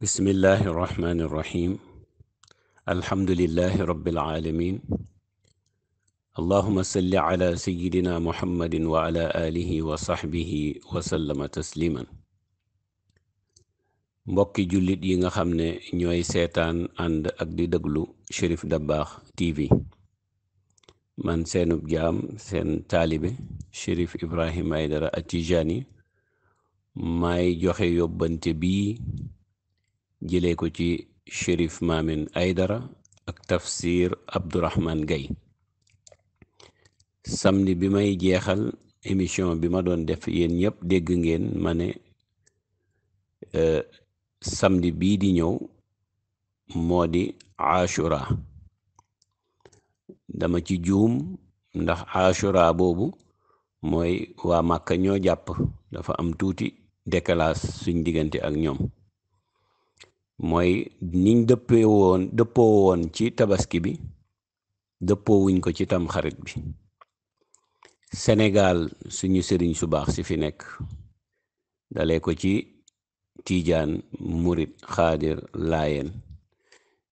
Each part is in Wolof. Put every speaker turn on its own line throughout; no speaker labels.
bismillahi irrahmani irrahim alhamdulilahi rabilalamin allahuma salli ala sayidina muhammadin wa ala alihi wa saxbihi wasallama tasliman mbokki jullit yi nga xam ne ñooy seetaan ànd ak di déglu Cherif Dabakh TV man seenub jaam seen taalibe Cherif Ibrahima Aidara At Tidjani joxe yóbbante bii jëlee ko ci Cherif Maamin Aydara ak tafsir Abdourahman Gaye samedi bi may jeexal émission bi ma doon def yéen ñëpp dégg ngeen ma ne euh, samedi bii di ñëw moo di Ashura dama ci juum ndax Ashura boobu mooy waa Màkka ñoo jàpp dafa am tuuti décalage suñ diggante ak ñoom mooy niñ dëppee woon dëppoo woon ci tabaski bi dëppoo wuñ ko ci tamxarit bi senegal suñu sëriñ su baax si fi nekk dalee ko ci tiijaan murit xaadir laayeen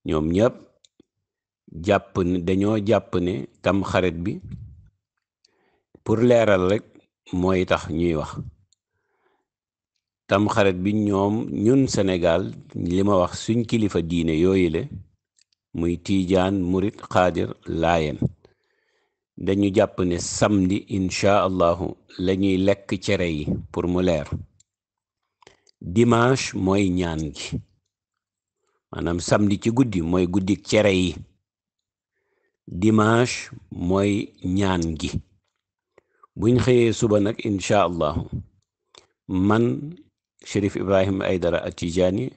ñoom ñëpp jàpp dañoo jàpp ne tamxarit bi pour leeral rek mooy tax ñuy wax tamxarit bi ñoom ñun senegaal lima wax suñ kilifa diine yooyule muy tiijaan murit xaadir laayeen dañu jàpp ne samedi incha allahu la lekk cere yi pour mu leer dimanche mooy ñaan gi maanaam samedi ci guddi mooy guddi cere yi dimanche mooy ñaan gi buñ xëyee suba nag incha allahu man Chérif Ibrahim Aydara At-Tijaani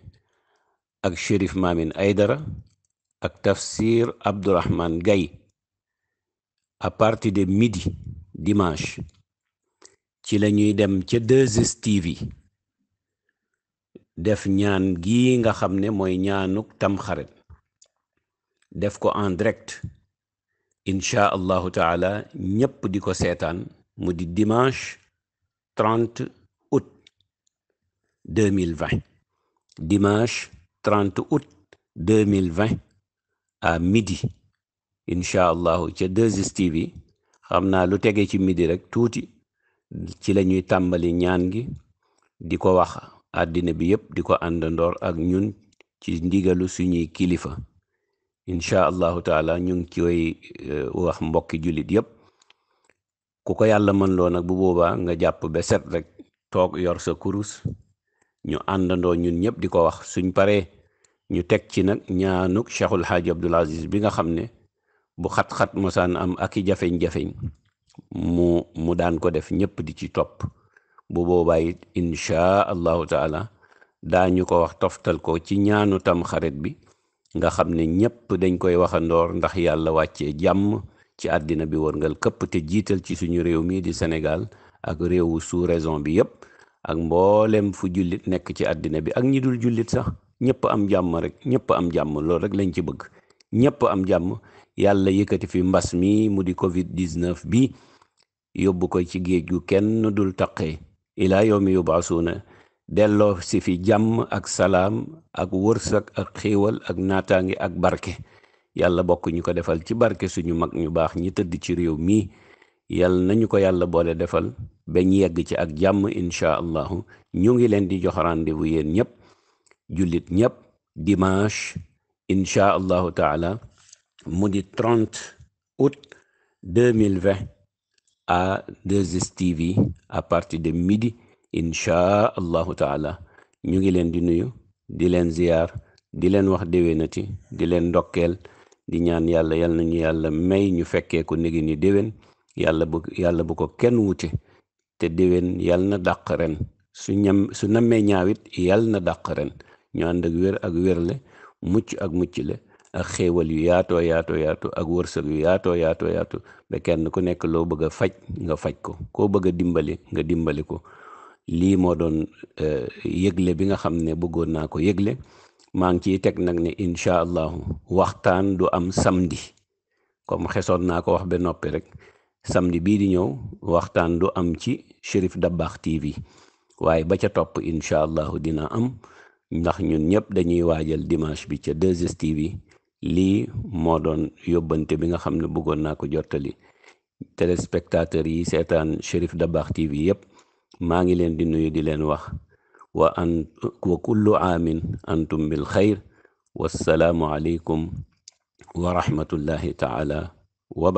ak Chérif Maamin Aydara ak Tafsir Abdourahman gay à partir de midi dimanche ci lañuy dem ca 2STV def ñaan gi nga xam ne mooy ñaanuk tamxarit def ko en direct incha allahu taala ñépp di ko seetaan mu di dimanche 2020 dimanche 30 août 2020 à midi incha allahu ca 2STV bi xam naa lu tege ci midi rek tuuti ci la ñuy tàmbali ñaan gi di ko wax àddina bi yëpp di ko àndandoor ak ñun ci ndigalu suñuy kilifa incha allahu taala ñu ngi koy e, wax mbokki julit yëpp ku ko yàlla mën loo nag bu boobaa nga jàpp ba set rek toog yor sa kurus ñu àndandoo ñun ñëpp di ko wax suñ paree ñu teg ci nag ñaanuk cheikhul xaaji abdul aziz bi nga xam ne bu xat-xat mosaan am aki jafeeñ jafeñ mu mu daan ko def ñëpp di ci topp bu boobaa it inchaa allahu taala daañu ko wax toftal ko ci ñaanu tam xarit bi nga xam ne ñëpp dañ koy waxandoor ndax yàlla wàccee jàmm ci àddina bi warngal këpp te jiital ci suñu réew mii di Sénégal ak réew sous raison bi yëpp ak mboolem fu jullit nekk ci àddina bi ak ñi dul jullit sax ñëpp am jàmm rek ñëpp am jàmm loolu rek lañ ci bëgg ñëpp am jàmm yàlla yëkkati fi mbas mii mu di covid 19 bi yóbbu ko ci géej gu kenn dul taqee ilaa yawmi yubaasuuna delloo si fi jàmm ak salaam ak wërsëg ak xéewal ak naataange ak barke yàlla bokk ñu ko defal ci barke suñu mag ñu baax ñi tëdd ci réew mi yal nañu ko yàlla boole defal ñu yegg ci ak jàmm incha allahu ñu ngi leen di jox rendez-vous yéen ñëpp jullit ñëpp dimanche incha allahu taala mu di 30 août 2020 à 2STV à partir de midi incha allahu taala ñu ngi leen di nuyu di leen ziyaar di leen wax déwénati di leen ndokkeel di ñaan yàlla yal nañu yàlla may ñu fekkee ko nigi ni déwén yàlla bu yàlla bu ko kenn wuute te déwén yàlla na dàq ren su ñam su nammee ñaawit yàlla na dàq ren ñu ànd ak wér ak wérle mucc ak mucc le ak xéewal yu yaatoo yaatoo yaatu ak wërsëg yu yaatoo yaatoo yaatu ba kenn ku nekk loo bëgg a faj nga faj ko ko bëgg a dimbali nga dimbali ko lii moo doon e, yëgle bi nga xam ne bëggoon naa ko yëgle maa ngi ciy teg nag ni incha allahu waxtaan du am samdi comme xesoon naa ko wax ba noppi rek samedi bii di ñëw waxtaan du am ci Cherif Dabakh TV waaye ba ca topp incha allahu dina am ndax ñun ñëpp dañuy waajal dimanche bi ca 2STV lii moo doon yóbbante bi nga xam ne bëggoon naa ko jottali téléspectateurs yi seetaan Cherif Dabakh TV yëpp maa ngi leen di nuyu di leen wax wa an wa kullu aamin antum bil xayr wassalaamu aleykum wa taala wa